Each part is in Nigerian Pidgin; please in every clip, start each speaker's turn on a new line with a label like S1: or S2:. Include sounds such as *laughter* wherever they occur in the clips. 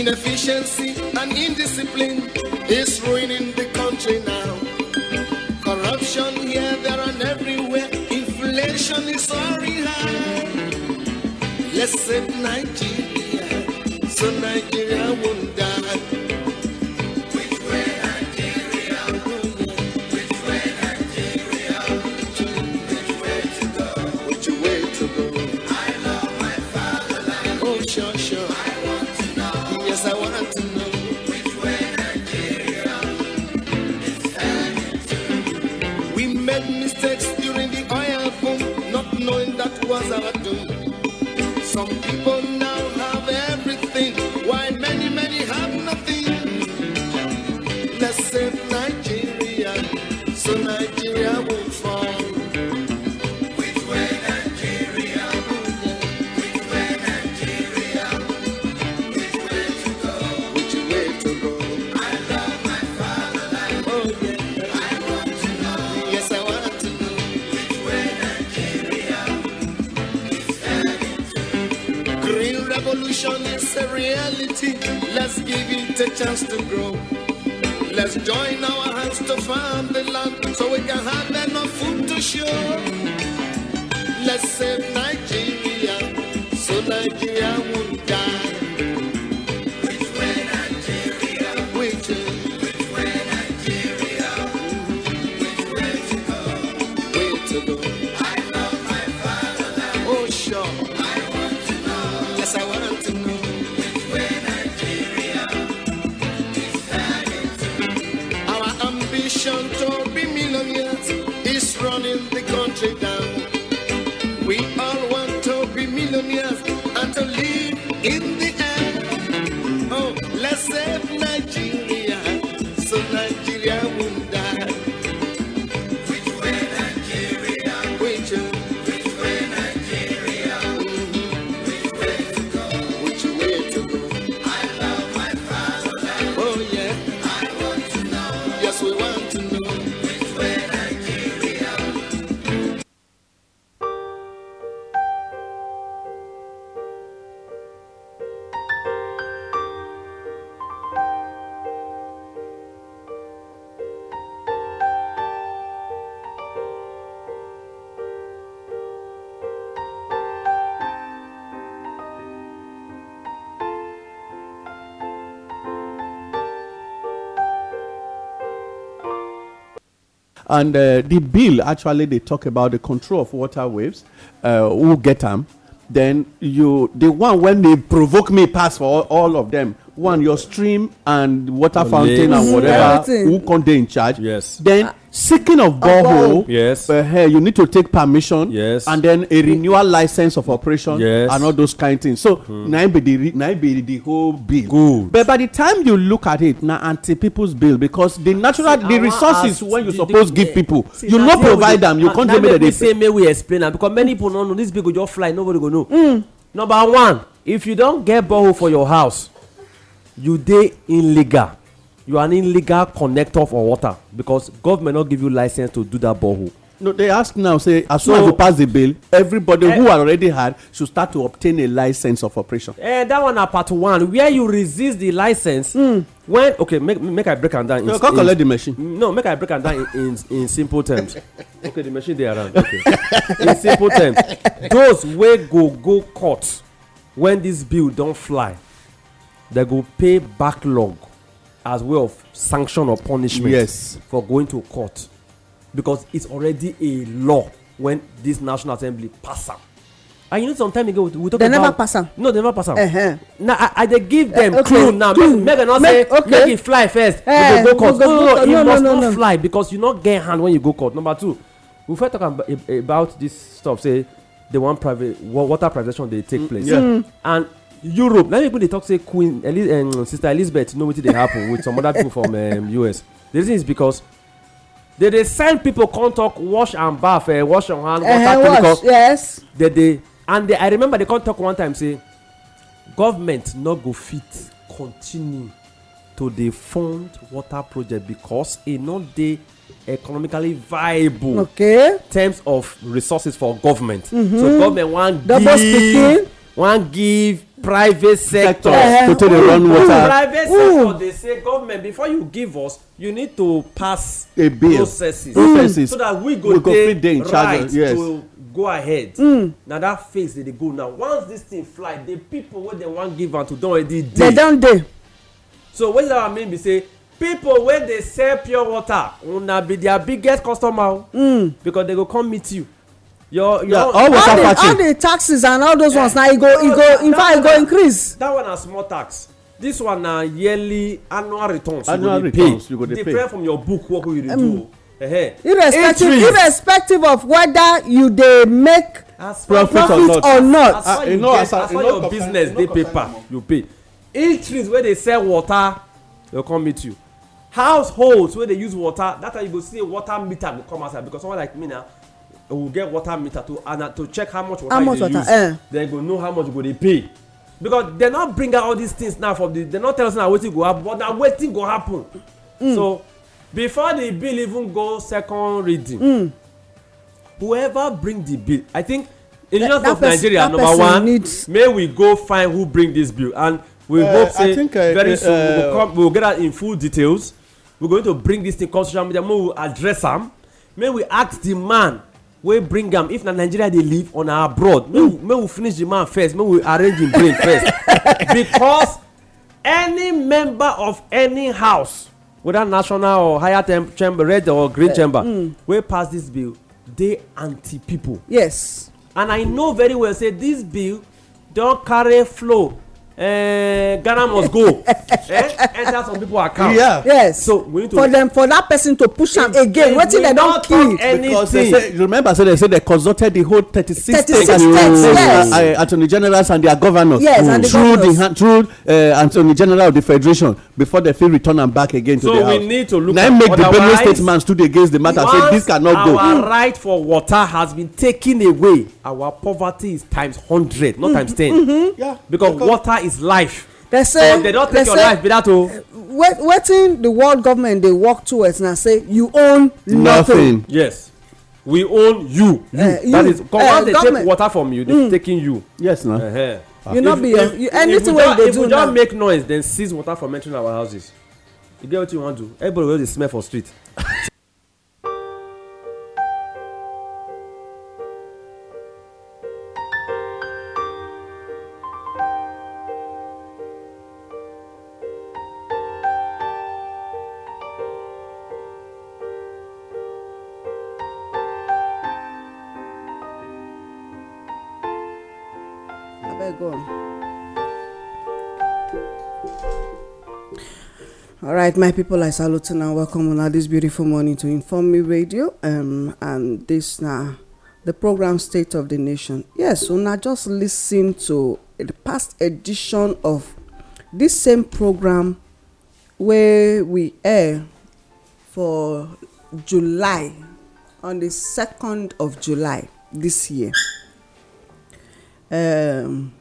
S1: Inefficiency and indiscipline is ruining the country now. Corruption here, there, and everywhere. Inflation is soaring high. Let's save Nigeria so Nigeria won't people to grow. Let's join our hands to farm the land so we can have enough food to show. Let's save Nigeria so Nigeria will. in the country
S2: And uh, the bill actually they talk about the control of water waves, uh, who get them. Then you the one when they provoke me pass for all, all of them. One your stream and water fountain and whatever. Who can they in charge? Yes. Then uh, seeking of borehole. yes. Uh, hey, you need to take permission. yes. and then a renewal license of operation. yes. and all those kind of things. so mm. na be the now be the whole bill. good. but by the time you look at it now, anti people's bill because the natural see, the I resources when you suppose give people see, you no provide them, you come dey make dem dey. say
S3: may we explain am because many people don't know this bill go just fly nobody go know. Mm. number one if you don't get borehole for your house you dey illegal you are an illegal connector for water because government no give you license to do that borehole.
S2: no they ask now say as soon as you pass the bill everybody eh. who already had should start to obtain a license of operation.
S3: eh that one na part one where you resist the license. Mm. when okay make make i break am down. no come collect the machine. no make i break am down in in in simple terms okay the machine dey around okay in simple terms those wey go go court when this bill don fly dem go pay backlog as way of sanction or punishment yes. for going to court because it's already a law when this national assembly pass am and you know some time ago we talk about they never pass am no they never pass am uh -huh. na i i dey give them uh, okay. clue now make make i no say okay. make e fly first uh, go go court no no no you no, must no, no, not fly because you no get hand when you go court number two we first talk about, about this stuff say the one private water privatization dey take mm, place yeah. mm. and europe let me put dey talk say queen um, sister elizabeth know wetin dey happen with some other people from us um, the reason is because they dey send people come talk wash and baff eh, wash your hand water uh-huh, chemical yes they dey and they i remember they come talk one time say government no go fit continue to dey fund water project because e no dey economically viable okay terms of resources for government so mm-hmm. government wan give wan give private sector to take dey run water private sector dey say government before you give us you need to pass a bill processes so that we go dey right to go ahead mm. na that phase dey dey go now once this thing fly the people wey dem wan give am to don already dey. dem don dey. so wetin that one mean be say people wey dey sell pure water una be their biggest customer o. Mm. because dem go come meet you your your yeah, all water all
S4: the taxes and all those ones na e go e go in fact e go increase.
S3: that one na small tax this one na uh, yearly annual returns annual you go dey pay you pay from your book work wey you dey um, do. Uh mm. -huh. irrespective
S4: irrespective of whether you dey make profit, profit or not as far ah, you get as far
S3: your business dey paper you pay eateries wey dey sell water dey come meet you households wey dey use water that time you go see a water meter go come outside because someone like me na We get water meter to and uh, to check how much water how much you dey use uh. then go know how much you go dey pay because dem no bring out all these things now from the dem no tell us na wetin go happen but na wetin go happen. Mm. so before the bill even go second reading. Mm. whoever bring the bill i think in that, of person, nigeria number one needs... may we go find who bring this bill and we uh, hope say I, very uh, soon uh, we will come we will get out in full details we are going to bring this thing come social media may we address am may we ask the man wey bring am if na nigeria dey live on our abroad make we finish the man first make we arrange him brain first *laughs* because any member of any house whether national or higher chamber red or green eh, chamber hmm. wey pass this bill dey anti people. yes and i know very well say this bill don carry flow uh, Ghana must go *laughs* eh,
S4: enter some people account. Yeah. yes so we need to for them for that person to push am again wetin dem don kill. because they say you
S2: remember say they say they consulted the whole thirty-six states yes. uh, uh, attorney generals and their governors yes, mm. and the through the through uh, attorney general of the federation before they fit return am back again to so the house. so we need to look at otherwise na im make the benue state man stood against the matter say this cannot go. once
S3: our right for water has been taken away our poverty is times hundred not mm -hmm. times ten. Mm -hmm.
S4: yeah, because, because
S3: water is is life they say they don take your say, life be that o.
S4: wetin the world government dey work towards na say you own nothing. nothing.
S3: yes we own you. you uh, that is Come uh, eh, once they take water from you they mm. taking you. yes na. Uh -huh. you no be your you, anything wey you dey do now. if we just make noise then seize water from entering our houses you get wetin you wan do everybody wey dey smell for street. *laughs*
S4: go. all right my people i salute and welcome on this beautiful morning to inform me radio um and this now the program state of the nation yes so now just listen to the past edition of this same program where we air for july on the 2nd of july this year um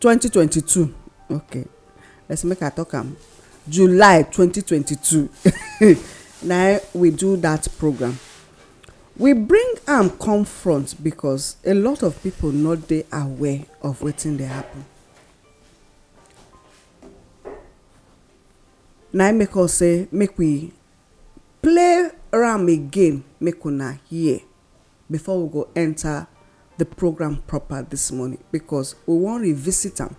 S4: 2022 okay let's make i talk am july 2022 *laughs* na we do that program we bring am come front because a lot of people no dey aware of wetin dey happen na im e make us say make we play am again make una hear before we go enter the program proper this morning because we wan revisit am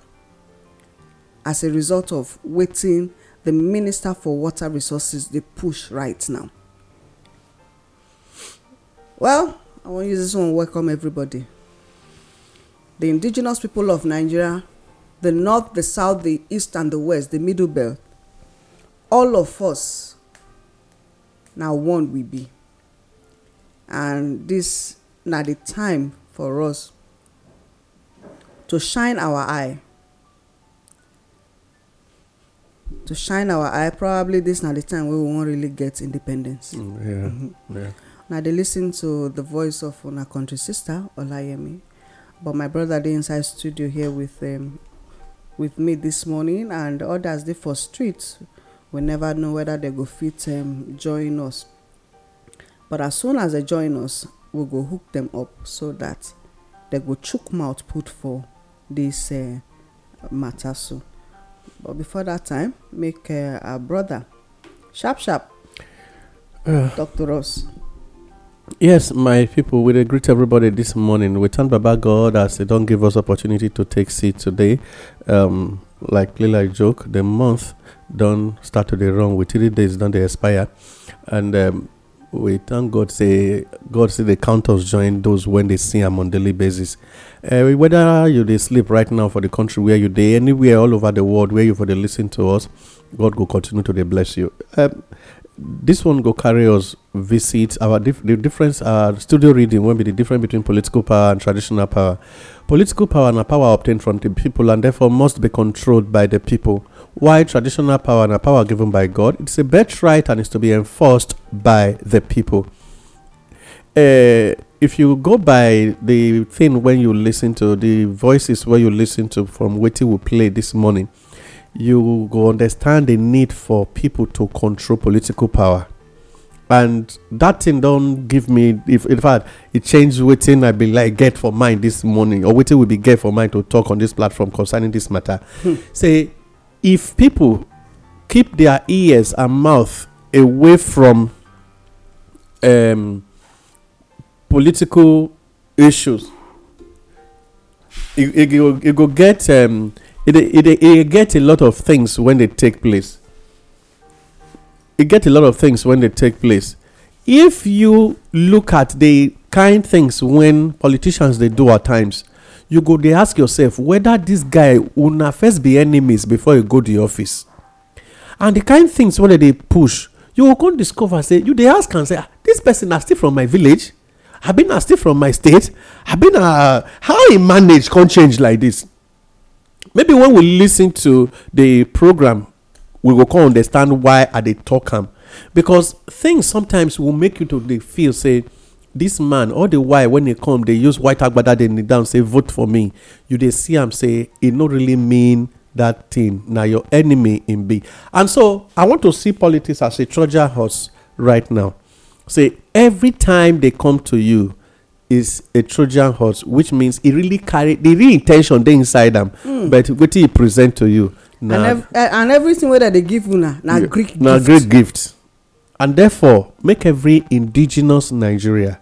S4: as a result of wetin the minister for water resources dey push right now. well i wan use this one welcome everybody the indigenous people of nigeria the north the south the east and the west the middle belt all of us na one we be and this na the time for us to shine our eye. To shine our eye, probably this now the time we won't really get independence. Mm, yeah, mm-hmm. yeah. Now they listen to the voice of our country sister Olayemi, but my brother they inside studio here with um, with me this morning, and others they for streets. We never know whether they go fit um, join us. But as soon as they join us, we go hook them up so that they go choke mouth put for this uh, matter so but before that time make uh, our brother sharp sharp talk to us
S2: yes my people we dey greet everybody This morning we thank baba god as don't give us opportunity to take seat today um like lila joke the month done start to dey with three days done they expire and um, we thank God say God see the counters join those when they see am on daily basis. Uh, whether you they sleep right now for the country where you day anywhere all over the world where you for dey listen to us, God go continue to bless you. Um, this one go carry us visit our dif- the difference uh, studio reading will not be the difference between political power and traditional power. Political power and power obtained from the people and therefore must be controlled by the people why traditional power and power given by God, it's a birthright and is to be enforced by the people. Uh, if you go by the thing when you listen to the voices where you listen to from what we play this morning, you go understand the need for people to control political power. And that thing don't give me if in fact it changed waiting I be like get for mine this morning or waiting will be get for mine to talk on this platform concerning this matter. Hmm. Say if people keep their ears and mouth away from um, political issues you go, get um, it, it, it, it get a lot of things when they take place it get a lot of things when they take place if you look at the kind things when politicians they do at times you go dey ask yourself whether this guy una first be enemies before you go di office and the kind things wey dem dey push you go come discover say you dey ask am say ah, this person na still from my village abi na still from my state abi na how e manage come change like this. maybe when we listen to the program we go come understand why i dey talk am because things sometimes will make you to dey feel say This man all the while when e come dey use white agbada dey kneel down say vote for me you dey see am say e no really mean that thing na your enemy im be and so i want to see politics as a trojan horse right now say every time they come to you is a trojan horse which means e really carry the real intention dey inside am hmm. but wetin e present to you na eh,
S4: and everything wey dem dey give una na great gift na great
S2: gift and therefore make every indigenous nigeria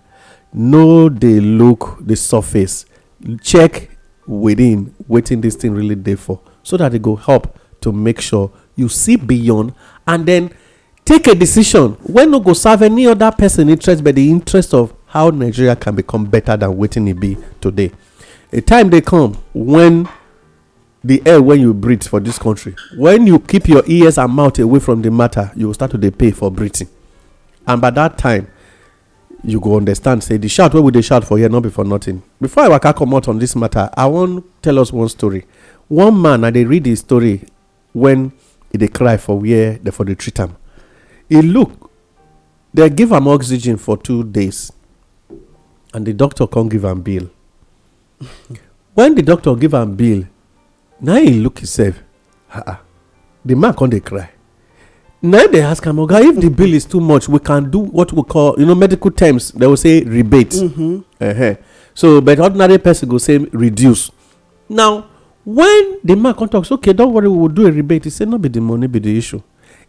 S2: no dey look the surface check within wetin this thing really dey for so that e go help to make sure you see beyond and then take a decision wey no go serve any other person interest but the interest of how nigeria can become better than wetin e be today a time dey come when the air wey you breathe for this country when you keep your ears and mouth away from the matter you go start to dey pay for breathing and by that time you go understand say the shout wey we dey shout for here not be for nothing before i waka comot on this matter i wan tell us one story one man i dey read his story when he dey cry for where dem for dey treat am e look They give am oxygen for two days and the doctor come give am bill *laughs* when the doctor give am bill na he look himself ah ah the man come dey cry now they ask am oga if the bill is too much we can do what we call you know medical terms they will say rebate mm-hmm. uh-huh. so but ordinary person will say reduce now when the man contacts, okay don't worry we will do a rebate he say not be the money be the issue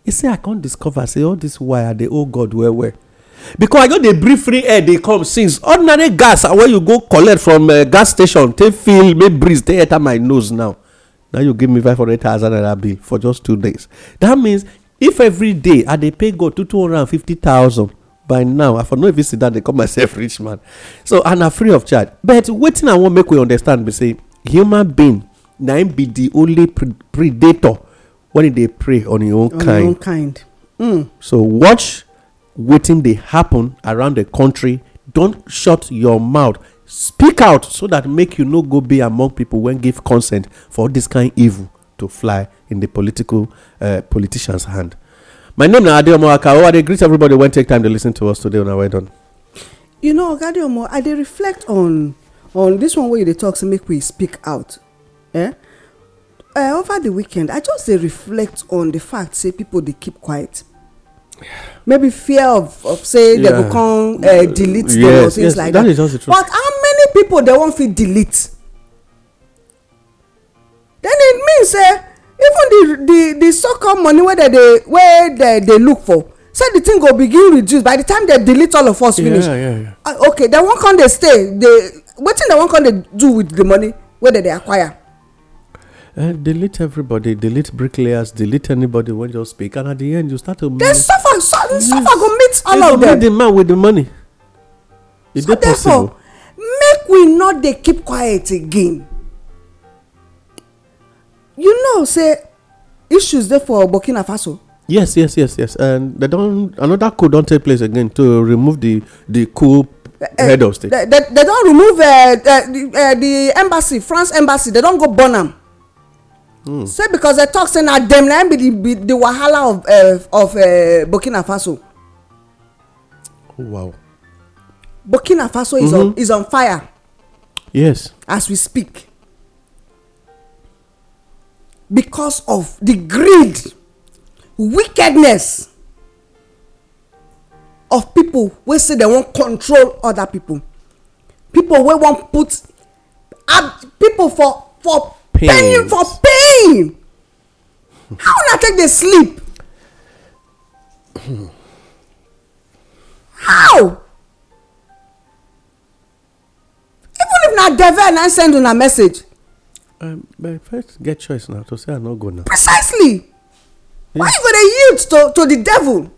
S2: he say i can't discover say all this while i dey owe god where where? because i just the breathe free air dey come since ordinary gas where you go collect from uh, gas station they feel make breeze they enter my nose now now you give me five hundred thousand naira bill for just two days that means if every day i dey pay god two two hundred and fifty thousand by now i for no even sit down dey call myself *laughs* rich man so and na free of charge but wetin i wan make we understand be say human being na im be the only predator when e dey prey on im own kind own
S4: kind hmm.
S2: so watch wetin dey happen around the country don shut your mouth speak out so that make you no go be among people wey give consent for this kind evil to fly in the political uh, politician's hand. My name is Adeomo Akawo. I greet everybody when take time to listen to us today on our way done.
S4: You know, Ogadeomo, I did reflect on on this one wey they talk to make we speak out. Eh? Uh, over the weekend, I just dey reflect on the fact say people they keep quiet. Maybe fear of of say yeah. they will come uh, delete yes, them or things yes, like that. that. Is also true. But how many people they won't feel delete? then it mean say eh, even the the the so called money wey dem dey wey dem dey look for say the thing go begin reduce by the time they delete all of us finish Yeah, yeah, ah, okay dem wan come dey stay wetin dem wan come dey do with the money wey dem dey acquire
S2: eh, delete everybody delete bricklayers delete anybody wey just speak and at the end you start to dem
S4: suffer suffer go meet all of them. you go meet the
S2: man with the money e dey possible so
S4: therefore make we not dey keep quiet again you know say issues dey for burkina faso.
S2: yes yes yes yes and they don another coup don take place again to remove the the coup uh, head of state.
S4: they they, they don remove uh, uh, the, uh, the embassy france embassy they don go burn am. Mm. say because they talk say na dem na be the be the wahala of uh, of uh, burkina faso. Oh, wow. burkina faso mm -hmm. is mm-hmm. on is on fire. yes. as we speak because of the greed wickedness of people wey say they wan control other people people wey wan put people for for pain for pain how una take dey sleep how even if na devil na send una message um, but first
S2: get choice now to say i no go now.
S4: precisely yeah. why you go dey yield to to the devil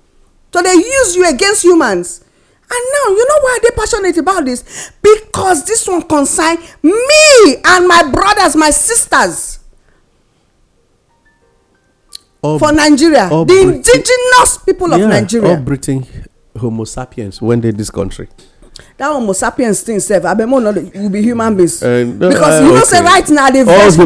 S4: to dey use you against humans and now you know why i dey passionate about this because this one concern me and my brothers my sisters. All, for nigeria the indigenous people yeah, of nigeria. all
S2: britain homo sapiens wey dey dis country
S4: that homo sapiens thing sef abemo no We be human beings.
S2: Uh, because uh, you eh, know okay. say right now i dey vex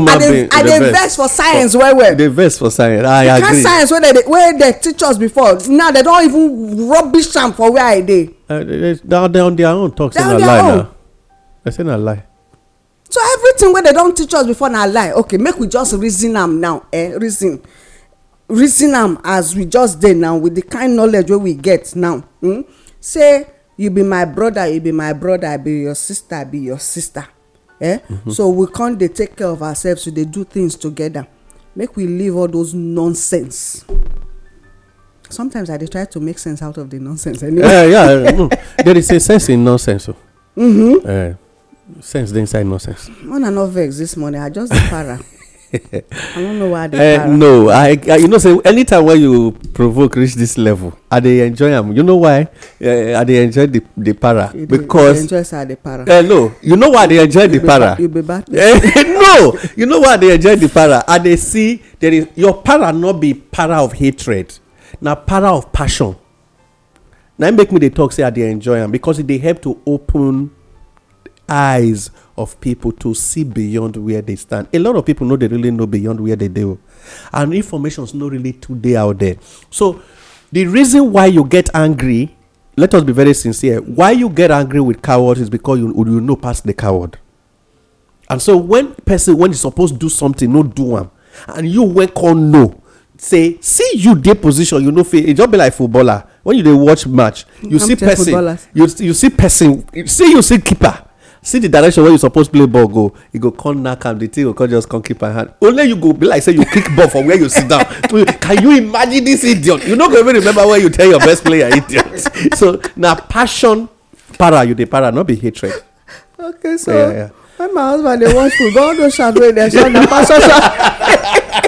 S2: i dey vex for science well well. dey vex for science i the agree. the kind
S4: science wey dey wey dey teach us before now they don even rubbish am for where i dey.
S2: Uh, they, they, on their own talk say na lie na i say na lie.
S4: so everything wey they don teach us before na lie okay make we just reason am now eh reason reason am as we just dey now with the kind knowledge wey we get now hmm? say you be my brother you be my brother i be your sister i be your sister eh mm-hmm. so we come dey take care of ourselves we dey do things together make we leave all those nonsense sometimes i dey try to make sense out of the nonsense anyway eh, yeah *laughs* there is a
S2: sense in nonsense oh mm-hmm. eh, sense dey inside nonsense
S4: one and all vex this morning i just dey para *laughs* *laughs* I don't know why they uh,
S2: No, I, I, you know say anytime when you provoke reach this level, I they enjoy them. You know why? Uh, I they enjoy the, the para you because they
S4: enjoy the para. Uh,
S2: no, you know why they enjoy you the para? you be bad. *laughs* no, you know why they enjoy the para? I they see there is your para not be para of hatred, now para of passion. Now make me the talk say I they enjoy them because they e help to open eyes of people to see beyond where they stand. A lot of people know they really know beyond where they do, and information is not really today out there. So the reason why you get angry, let us be very sincere, why you get angry with cowards is because you, you know past the coward. And so when person when he's supposed to do something, no do one, and you wake on no. Say, see you dey position, you know fit. It e just be like footballer. When you they watch match, you I'm see person, you, you see person, see you see keeper see the direction where you suppose play ball go e go come knack am the thing go come just come keep am hand only you go be like say you kick ball from where you sit down *laughs* can you imagine this idiot you no go even remember when you tell your best player idiot *laughs* so na passion para you dey para no be hatred. okay so yeah, yeah.
S4: when my husband dey watch football all those shadow wey dey show na passion. *laughs*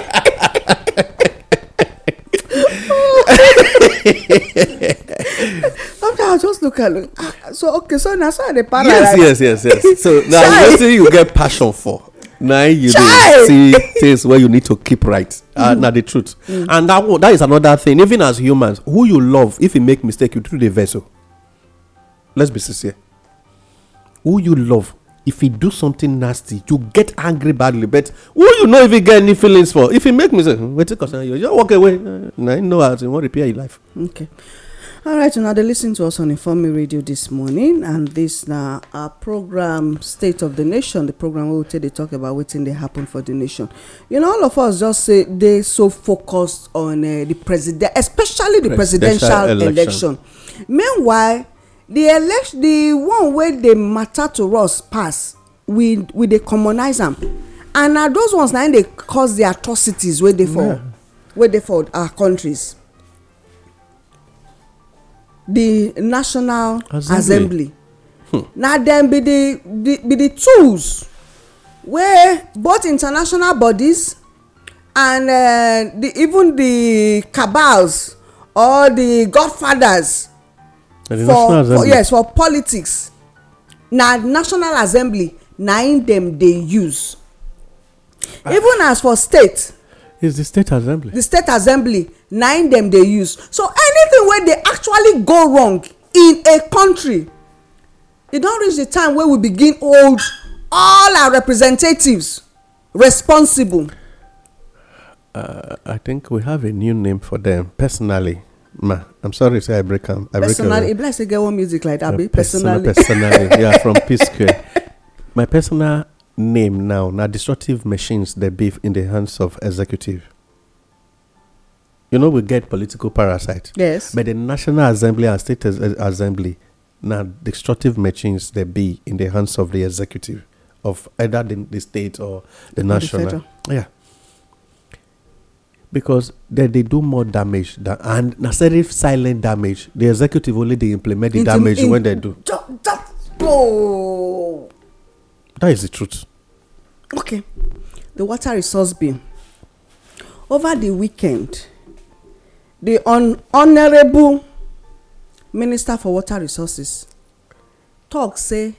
S4: Sometimes *laughs* I just look at ah, so okay, so now so they para. Yes, like, yes,
S2: yes, yes. So now what you get passion for? Now you do see things where you need to keep right. Uh, mm. Now the truth, mm. and that that is another thing. Even as humans, who you love, if you make mistake, you do the vessel. Let's be sincere. Who you love, if he do something nasty you get angry badly but who you no even get any feelings for if he make me mistake wetin concern you just walk away uh, na him know as he wan repair him life.
S4: okay alright una dey lis ten to us on informe radio this morning and this na uh, our program state of the nation the program wey we take dey talk about wetin dey happen for the nation you know all of us just say dey so focused on uh, the president especially the presidential, presidential election. election meanwhile the election the one wey dey matter to us pass we we dey commonize am and na those ones na im dey cause the atrocities wey dey for yeah. wey dey for our countries the national assembly, assembly. Hmm. na dem be the, the be the tools wey both international bodies and uh, the, even the cabals or the godfathers
S1: for for yes
S4: for politics na national assembly na im dem dey use ah. even as for state
S2: is the state assembly
S4: the state assembly na im dem dey use so anything wey dey actually go wrong in a country e don reach the time wey we begin hold all our representatives responsible.
S2: Uh, I think we have a new name for them personally. Ma, I'm sorry to say I break up. personally, break
S4: up. bless get one music like that. Be personally, personally, *laughs* yeah, from
S2: P My personal name now, now destructive machines they be in the hands of executive. You know, we get political parasite. Yes. But the National Assembly and State Assembly, now destructive machines they be in the hands of the executive of either the, the state or the national. The yeah. because then they do more damage than and na serif silent damage the executive only dey implement the damage when they do that is the truth
S4: okay the water resource bill over the weekend the hon honourable minister for water resources talk say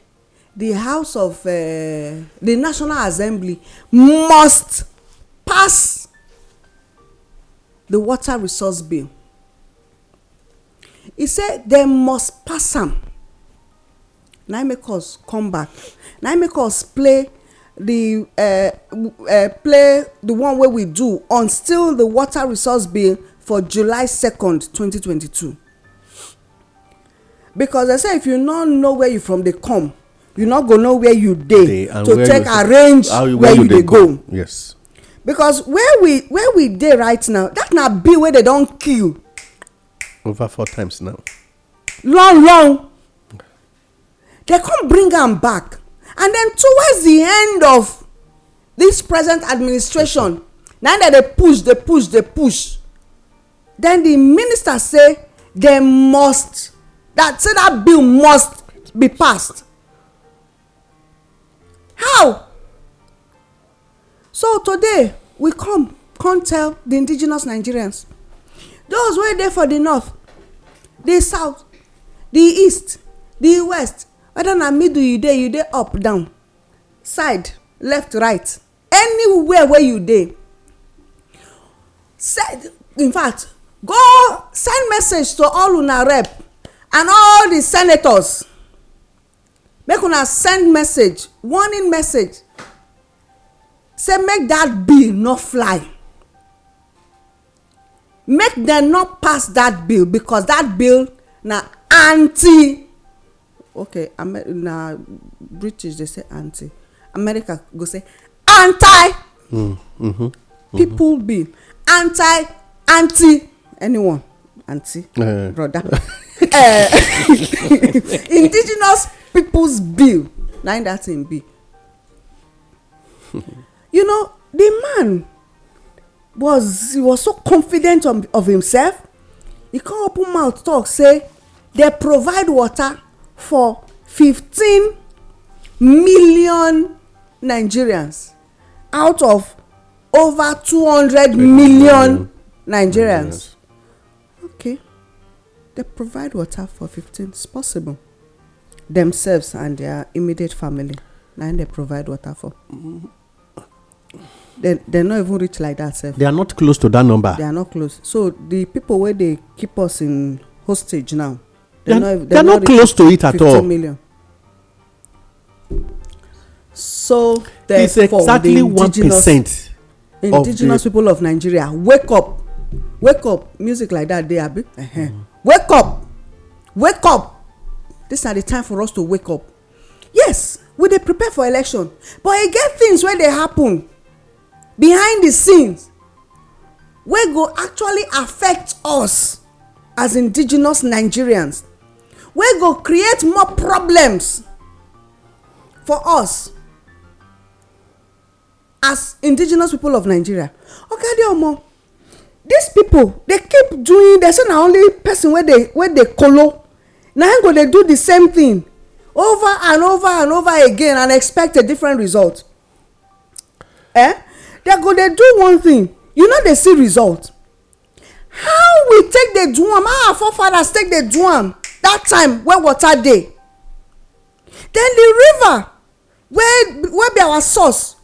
S4: the house of uh, the national assembly must pass the water resource bill He say dem must pass am na make us come back na make us play the uh, uh, play the one wey we do on still the water resource bill for july 2nd 2022 because dem say if you no know where you from dey come you no go know where you dey to take arrange where you dey go yes because where we where we dey right now that na bill wey dem don kill
S2: over four times now
S4: long long dem come bring am back and then towards the end of this present administration na dem dey push dey push dey push Then the minister say dem must that say that bill must be passed how so today we come come tell the indigenous nigerians those wey dey for the north the south the east the west whether na middle you dey you dey up down side left right anywhere wey you dey in fact go send message to all una rep and all the senators make una send message warning message say make that bill no fly make dem no pass that bill because that bill na anti okay Amer na british dey say anti america go say anti
S1: mm, mm -hmm,
S4: people mm -hmm. bill anti anti anyone anti uh. brother uh, *laughs* *laughs* indigenous peoples bill na that thing be *laughs* you know the man was he was so confident of, of himself he come open mouth talk say they provide water for fifteen million nigerians out of over two hundred million nigerians okay they provide water for fifteen it's possible themselves and their immediate family na im provide water for. Mm -hmm. They dem no even reach like that, sef
S2: they are not close to that number they are
S4: not close so the people wey dey keep us in hostage now they are not close to it at all million. so therefore di indigenous indigenous people of nigeria wake up wake up music like that, dey abi mm-hmm. wake up wake up This na the time for us to wake up yes we dey prepare for election but e get things wey dey happen behind the scenes wey go actually affect us as indigenous nigerians wey go create more problems for us as indigenous people of nigeria okade omo these people dey keep doing dey say na only person wey dey wey dey kolo na him go dey do the same thing over and over and over again and expect a different result eh They go dey do one thing you no dey see result how we take dey do am how our forefathers take dey do am dat time when water dey Then the river wey be our source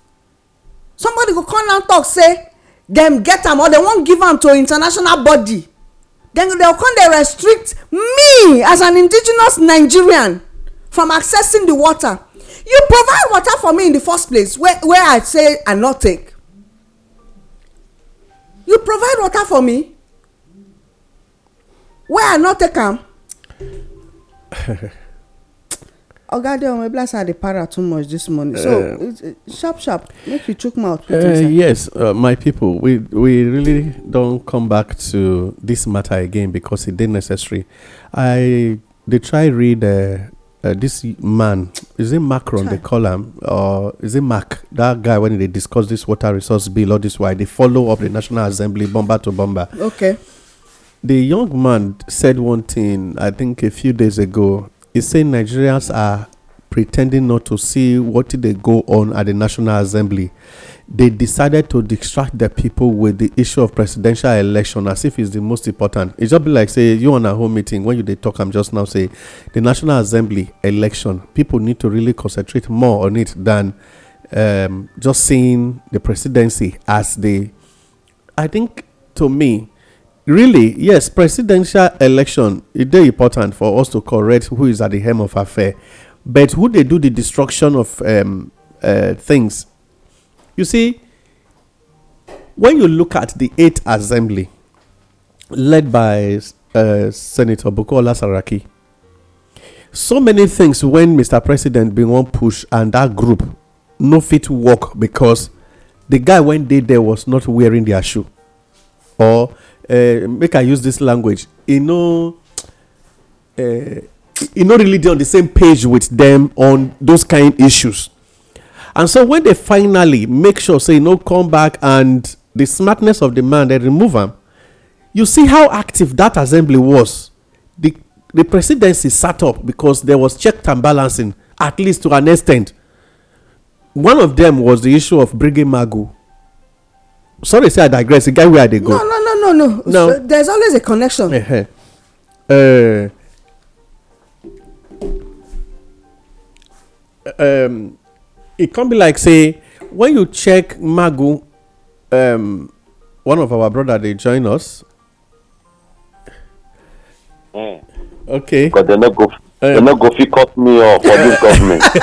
S4: somebody go come down talk say dem get am or dem wan give am to international body dem go come dey restrict me as an indigenous nigerian from accessing the water you provide water for me in the first place wey i say i not take you provide water for me why i no take am *laughs* oga adeomu blessing i dey para too much this morning so uh, sharp sharp make you chook mouth put uh, inside
S2: yes uh, my people we we really don come back to this matter again because e dey necessary i dey try read Uh, this man is it Macron Sorry. they call him or is it Mac that guy when they discuss this water resource bill or this why they follow up the National Assembly bomber to bomber. Okay. The young man said one thing I think a few days ago. He said Nigerians are pretending not to see what they go on at the National Assembly. they decided to distract the people with the issue of presidential election as if it's the most important. It just be like say you on a home meeting when you they talk. I'm just now say the National Assembly election. People need to really concentrate more on it than um, just seeing the presidency as the. I think to me, really yes, presidential election is very important for us to correct who is at the helm of affair, but who they do the destruction of um, uh, things You see, when you look at the Eighth Assembly led by uh, Senator Bukola Saraki, so many things when Mr. President been one push and that group no fit work because the guy when they there was not wearing their shoe or uh, make I use this language, you know, uh, you know, really on the same page with them on those kind issues and so when they finally make sure say no come back and the smartness of the man they remove him you see how active that assembly was the the presidency sat up because there was check and balancing at least to an extent one of them was the issue of bringing magu sorry say i digress the guy where i dey go. no no
S4: no no no. no. So
S2: there's always a connection. Uh-huh. uh, um, it can be like say when you check magu um, one of our brother they join us
S5: mm. okay but they no go they um. no go fit cut me off for this government *laughs*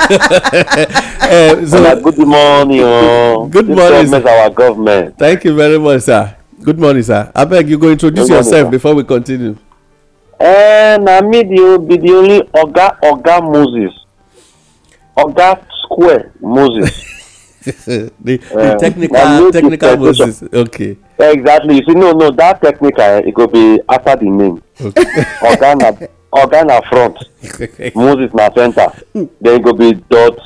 S5: uh, so, like, good morning oh good this morning government our government
S2: thank you very much sir good morning sir abeg you go introduce morning, yourself sir. before we continue
S5: eh na me the the only oga oga moses oga square Moses. the, the um, technical technical Moses. Okay. Exactly. You see, no, no, that technical eh, it could be after the name. Okay. organ organa front. *laughs* Moses na center. Then it could be dot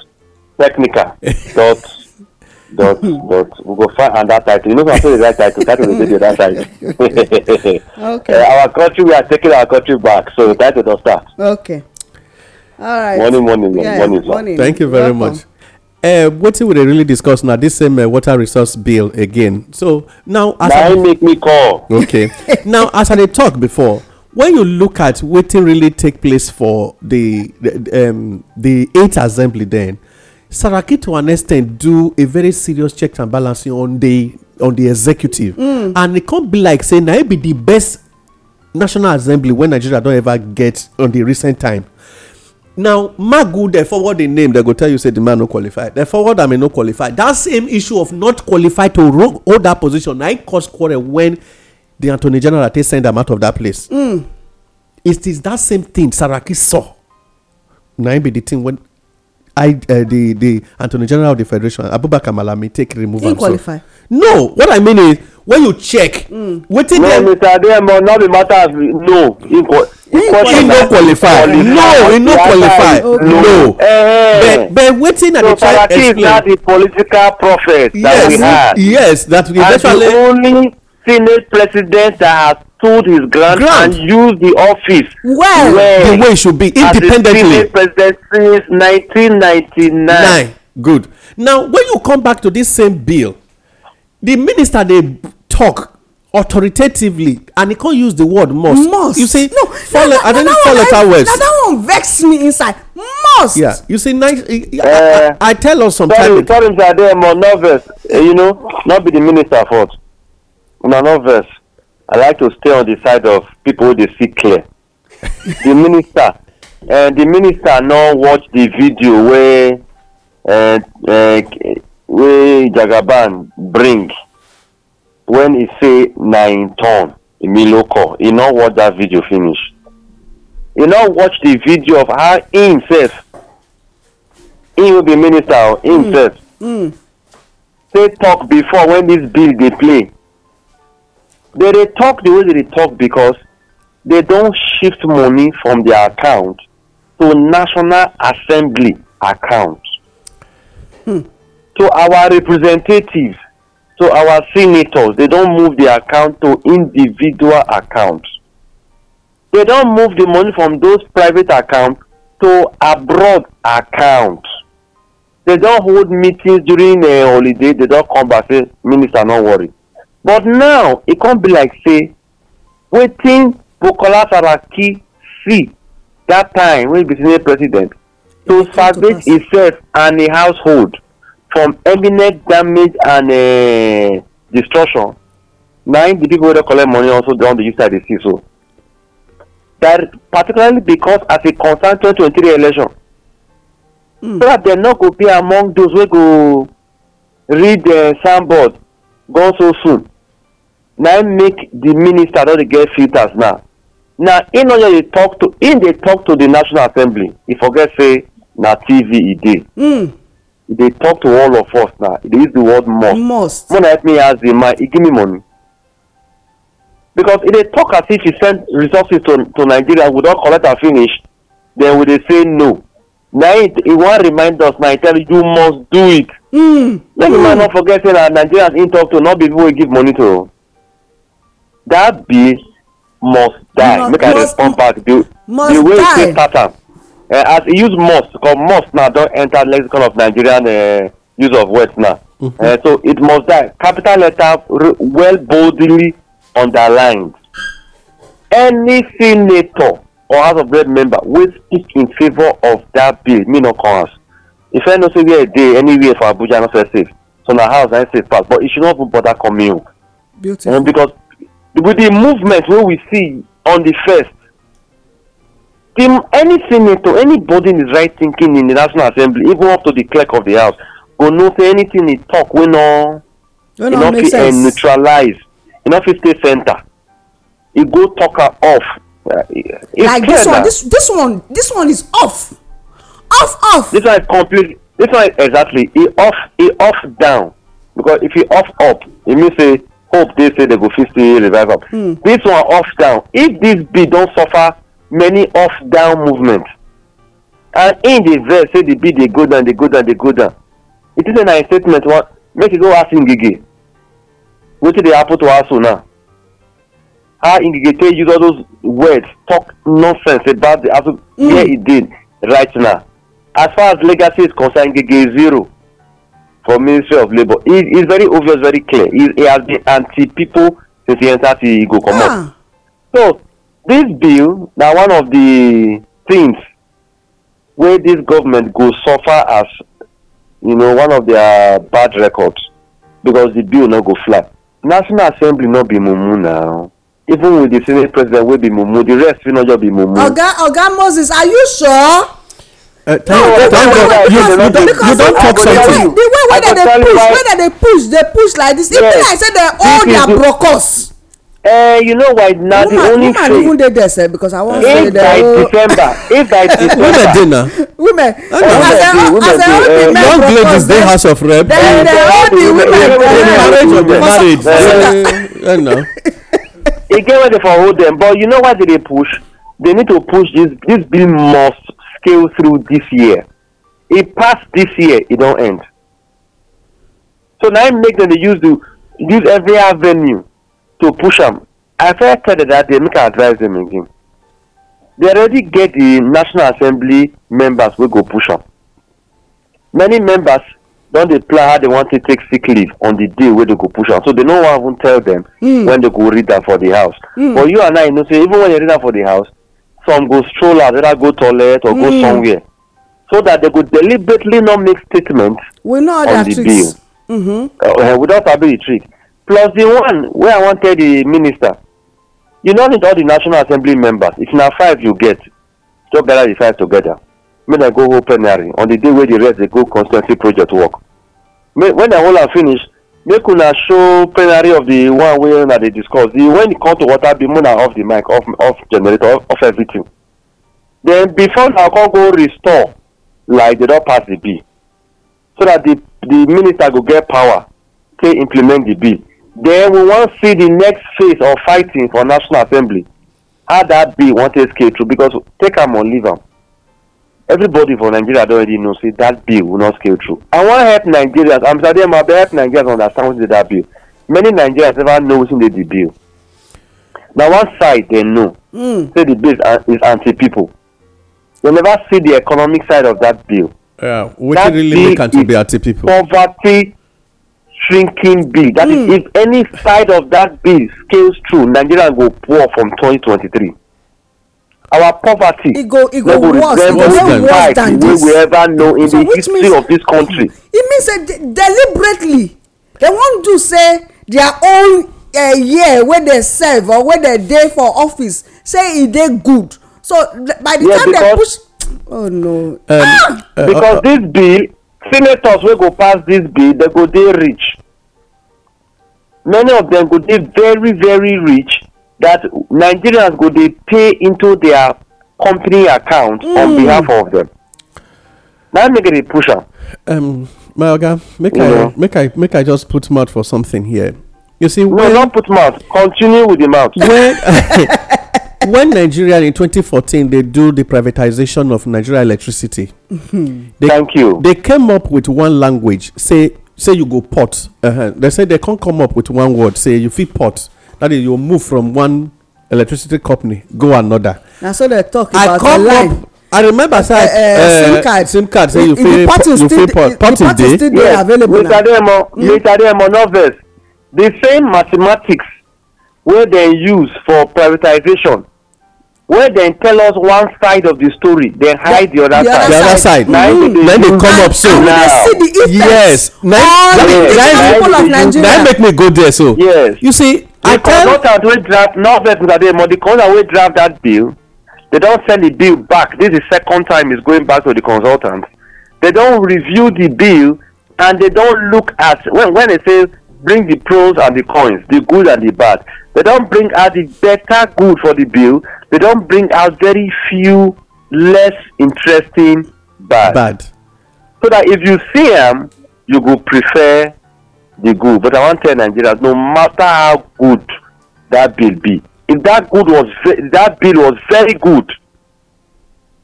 S5: technical dot dot dot. We go find under title. You know, say the right title. Title is the right title. okay. Uh, *laughs* our country, we are taking our country back. So the title does start.
S4: Okay. all right morning morning yeah, morning, morning thank you very Welcome. much
S2: uh, what we really discuss now this same uh, water resource bill again so now as now I, make me call okay *laughs* now as i did talk before when you look at what really take place for the the, um, the eighth assembly then saraki to an extent do a very serious check and balancing on the on the executive mm. and it can't be like saying I be the best national assembly when nigeria don't ever get on the recent time now magu dem forward di name dem go tell you say the man no qualify dem forward am e no qualify That same issue of not qualify to hold that position na e cause quarrel when the attorney general take send am out of that place hmm. it is that same thing saraki saw na im be di tin uh, the the attorney general of the federation abubakar malami take remove am so qualify.
S5: no what i mean is when you check hmm. wetin dem no mr adeyemo no be matter of no he no qualify no he no qualify no but but wetin i dey try explain. so na the political prophet that we had. yes that we eventually. and the only senate president that has stood his ground, and used the office well, well the way it should be independently as a senate president since 1999.
S2: Nine. good now when you come back to this same bill the minister dey talk authoritatively and he con use the word must must you say? no i don't need four letter words na
S4: that one vex me inside
S2: must yeah you see i eh. i tell us sometimes
S5: sorry sorry mr more nervous? vex eh, you know not be the minister fault una nervous. i like to stay on the side of people wey dey see clear *laughs* the minister uh, the minister no watch the video wey uh, uh, wey jagaban bring when he say nine im turn emilio call e no watch that video finish e no watch the video of how im sef im wey be minister im sef say talk before when this bill dey play They dey tok di way they dey tok becos dey don shift money from their account to national assembly account hmm. to our representatives so our senators they don move their account to individual accounts they don move the money from those private accounts to abroad accounts they don hold meetings during uh, holiday they don come back say minister no worry but now e come be like say wetin bukola saraki see that time when he be senate president to salvate himself and im household from eminent damage and uh, destruction na the people wey dey collect money also don dey use side dey see so that particularly because as a concern twenty twenty three election mm. so that dem no go be among those wey go read uh, signboard gone so soon na im make di minister don dey get filters now na im no just dey talk to im dey talk to di national assembly e forget say na tv e dey. Mm dey talk to all of us na e dey use the word must must more na help me ask the man e give me money because e dey talk as if e send resources to to nigeria we don collect am finish then we dey say no na it e wan remind us na e tell you you must do it mm. make mm. man hmm. no forget say na nigerians im talk to no be people wey give money to that bill must die must, make i respond back the
S4: the way e take
S5: start am Uh, as e use must because must now don enter lexicon of nigerian uh, use of words now mm-hmm. uh, so it must die capital letter well boldly underlined any senator or house of rep member wey speak in favour of dat bill me no come house if i know say where e dey anywhere for abuja no fair safe so na house na safe pass but e should not even bother coming o um, because with di movement wey we see on di first the, any senator, anybody in his right thinking in the National Assembly, even up to the clerk of the House, go know say anything he talk wey no
S4: e no fit uh,
S5: neutralize e no fit stay center e go talk am off. Uh, like this one this,
S4: this one this one is off off off. this one is complete
S5: this one is exactly e off e off down because if e off up e mean say hope dey say they go fit still revive am. Mm. this one off down if this bid don suffer many off down movement and im dey vex say di bill dey go down dey go down dey go down e think say na im statement wan make you go ask ngige wetin dey happen to aso now how ngige take use all those words talk nonsense about the aso mm. where e dey right now as far as legacy is concerned ngige zero for ministry of labour e is very obvious very clear he he has been anti people since he enter till he go comot ah. so dis bill na one of di things wey dis government go suffer as you know one of their bad records because di bill no go fly national assembly no be mumu now even with the senate president wey be mumu The rest fit not just be mumu. oga
S4: oga moses are you sure.
S5: Uh, thank, no, thank God you, you, you, because you don talk something. the way wey dem dey push wey dem
S4: dey push dey push like this e be like say dem hold their brokos. Uh, you know why na the only woman even dey there eh, sef because i wan say dem o if by oh. december if by *laughs* december women dey na women as i hold
S5: the men
S2: young ladies dey house of rep
S5: dem dey hold the women marriage marriage marriage e get where dey for hold dem but you know why dey dey push dey need to push this this bill must scale through this year e pass this year e don end so na im make dem dey use the use every avenue to push am i first tell them that day make i advise them again they already get the national assembly members wey go push am many members don dey plan how dem wan take take sick leave on the day wey they go push am so they no wan even tell dem hmm. when they go read am for the house hmm. but you and i know say even when you read am for the house some go stroll out whether go toilet or go hmm. somewhere so that they go deliberately not make statements
S4: on the bill. Mm-hmm.
S5: Uh, without having a trick plus the one wey i wan tell di minister you no need all the national assembly members if na five you get just gather the five together make dem go hold plenary on the day wey the rest dey go constituency project work when dem hold am finish make una show plenary of the one wey una dey discuss di when e come to water bill una off the mic off off generator off off everything then before una come go restore like they don pass the bill so that the the minister go get power take implement the bill then we wan see the next phase of fighting for national assembly how that bill wan take scale through because take am or leave am everybody for nigeria don already know say dat bill will not scale through i wan help nigerians I'm mr adeyemo abeg help nigerians understand wetin dey that bill many nigerians never know wetin dey the bill na one side dem know hmm. say the bill is anti people dem never see the economic side of that bill
S2: yeah wetin really make am to anti people
S5: poverty shrinking bill that mm. is hmm. if any side of that bill scales through nigeria go poor from 2023 our poverty it go it go worse it go worse than this we ever know in so the history means, of this country. e
S4: mean say deliberately dem wan do say their own uh, year wey dem serve or wey dem dey for office say e dey good so by the yeah, time dem push oh no. Um,
S5: ah! Uh, because uh, uh, this bill senators wey go pass this bill They go dey rich many of them go dey very very rich that nigerians go dey pay into their company account on mm. behalf of them. na make e dey push am
S2: um, my oga make i make i make i just put mouth for something here you
S5: see no not put mouth continue with the mouth
S2: *laughs* *laughs* when nigeria in 2014 they do the privatization of nigeria electricity
S1: they,
S5: thank you
S2: they came up with one language say say you go port uh-huh. they say they can't come up with one word say you fit port that is you move from one electricity company go another Now so they talk I about the line i remember say eh, eh, uh, sim card sim card say you fit port you fit port port is dey still dey available now mr ademo mr ademo
S5: novice the same mathematics wey dem use for privatization wey dem tell us one side of the story dem hide the other side the other side na im dey come up so now yes na im make me go there so you see i tell the consultant wey draft not vex mr but the consultant wey draft that bill they don send the bill back this is second time it's going back to the consultant they don review the bill and they don look at when when they say bring the pros and the cons the good and the bad they don bring out the better good for the bill they don't bring out very few less interesting bad. Bad. So that if you see them, you go prefer the good. But I want to tell Nigerians, no matter how good that bill be, if that good was ve- that bill was very good,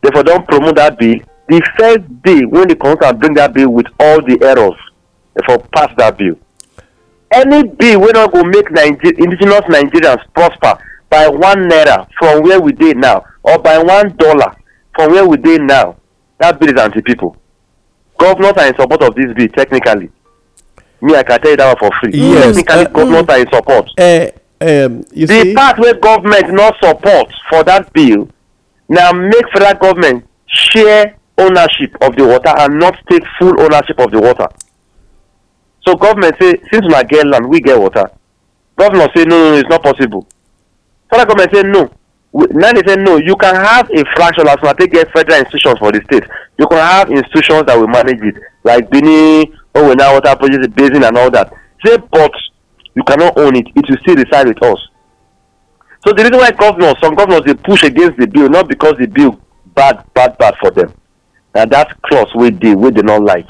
S5: therefore don't promote that bill. The first day when the council bring that bill with all the errors, therefore pass that bill. Any bill will not go make Niger- indigenous Nigerians prosper by one naira from where we dey now or by one dollar from where we dey now that bill is anti-people governors are in support of this bill technically me i can tell you that one for free yes, uh, technically uh, governors mm, are in support uh, um, you the see? part wey government no support for that bill na make federal government share ownership of the water and not take full ownership of the water so government say since una get land we get water governor say no no no it's not possible federal government say no now they say no you can have a fractional as una take get federal institutions for the state you can have institutions that will manage it like benin owena water project basin and all that say but you cannot own it it will still reside with us so the reason why governors some governors they push against the bill not because the bill bad bad bad for them na that clause we dey we dem not like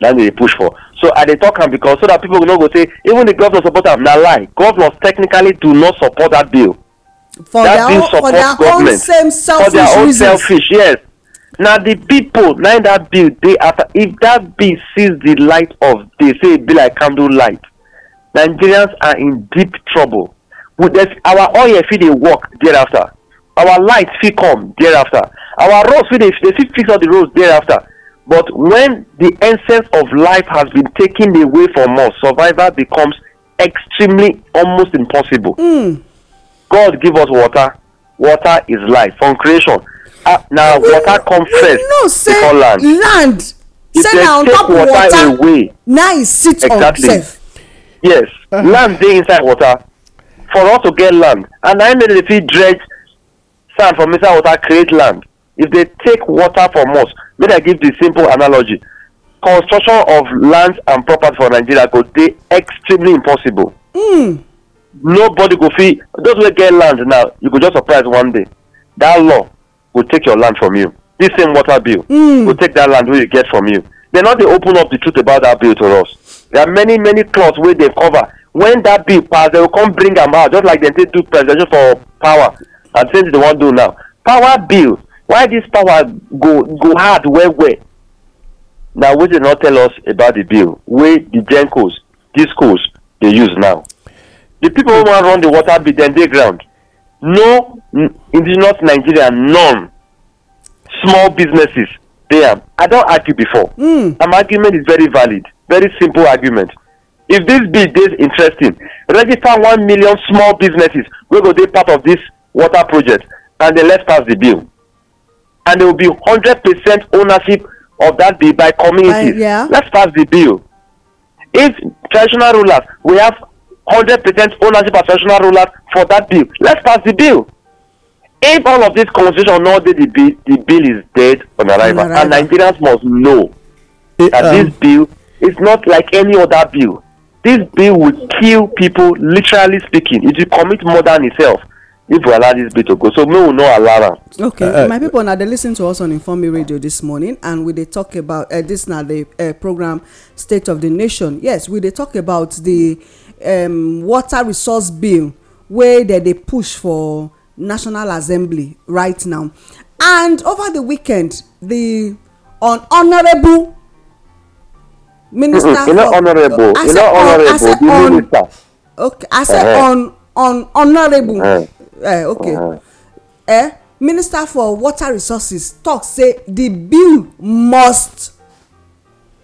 S5: na dem push for so i dey talk him because so that people not go say even the governors support am na lie governors technically do not support that bill
S4: for their own for their own same selfish reasons
S5: selfish yes na the people, na that bill dey after if that bill sees the light of day say e be like candle light nigerians are in deep trouble with this our oil fit dey work thereafter our light fit come thereafter our roads fit dey dey fit fix all the roads thereafter but when the essence of life has been taken away from us survival becomes extremely almost impossible. Mm god give us water water is life from creation uh, ah, na water come first know before land land
S4: say na on top water, water away, na e sit exactly. on itself.
S5: yes ah. land dey inside water for us to get land and na im make fit dredge sand from inside water create land if they take water from us make i give the simple analogy construction of lands and property for nigeria go dey extremely impossible. Mm nobody go fit those wey get land now you go just surprise one day that law go take your land from you this same water bill mm. go take that land wey you get from you dem no dey open up the truth about that bill to us there are many many clause wey dey cover when that bill pass they go come bring am out just like dem take do presidential for power and same thing dem wan do now power bill why this power go go hard well well na wetin dem no tell us about the bill wey the gencos discos dey use now the people wey wan run the water bill dem dey ground no indigenous nigeria none small businesses dey am i don argue before mm. argument is very valid very simple argument if this bill dey interesting register one million small businesses wey go dey part of this water project and then let's pass the bill and there will be hundred percent ownership of that bill by communities uh, yeah. let's pass the bill if traditional rulers we have hundred percent ownership as traditional rulers for that bill let's pass the bill if all of this conversation no dey the bill the bill is dead on arrival, and nigerians must know it, eh, that um, this bill is not like any other bill this bill will kill people literally speaking it will commit more than itself if we allow this bill to go so make we no allow am.
S4: okay uh, uh my people na dey lis ten to us on informe radio this morning and we dey talk about uh, this na the uh, program state of the nation yes we dey talk about the um, water resource bill wey dem dey push for national assembly right now and over the weekend the honourable minister mm, you know for honorable you know honorable the minister okay i say uh -huh. on on honorable uh -huh. eh, okay uh -huh. eh, minister for water resources talk say the bill must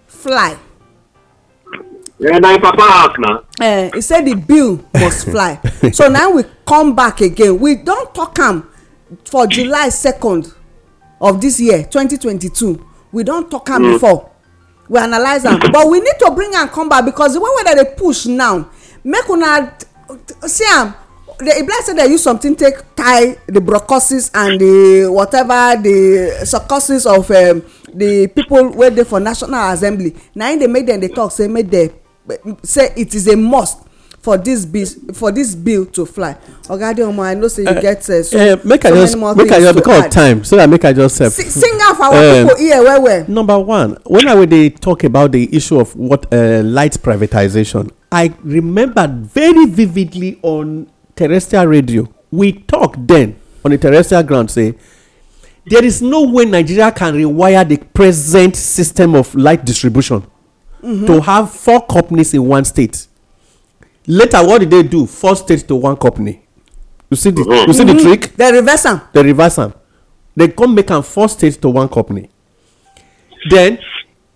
S4: fly
S5: Eh, na im papa house na.
S4: Uh, he say the bill must fly *laughs* so now we come back again we don talk am for july second of this year 2022. we don talk am mm. before we analyse am *laughs* but we need to bring am come back because the way wey dem dey push now make una see am the black say they use something take tie the brokoses and the whatever the circuses of um, the people wey dey for national assembly na im dey make dem dey talk say make dem say it is a must for this bill for this bill to fly oga adeomo i know say you eh, get uh, so eh, make i just make i just because
S2: time so that make i just uh, sef sing
S4: out for our eh, people
S2: here well well number one when i dey talk about the issue of what uh, light privatization i remember very vividly on terrestrial radio we talk then on the terrestrial ground say there is no way nigeria can rewire the present system of light distribution to have four companies in one state later what did they do four states to one company you see the mm-hmm. you see the mm-hmm. trick they reverse am they reverse am they come make am four states to one company then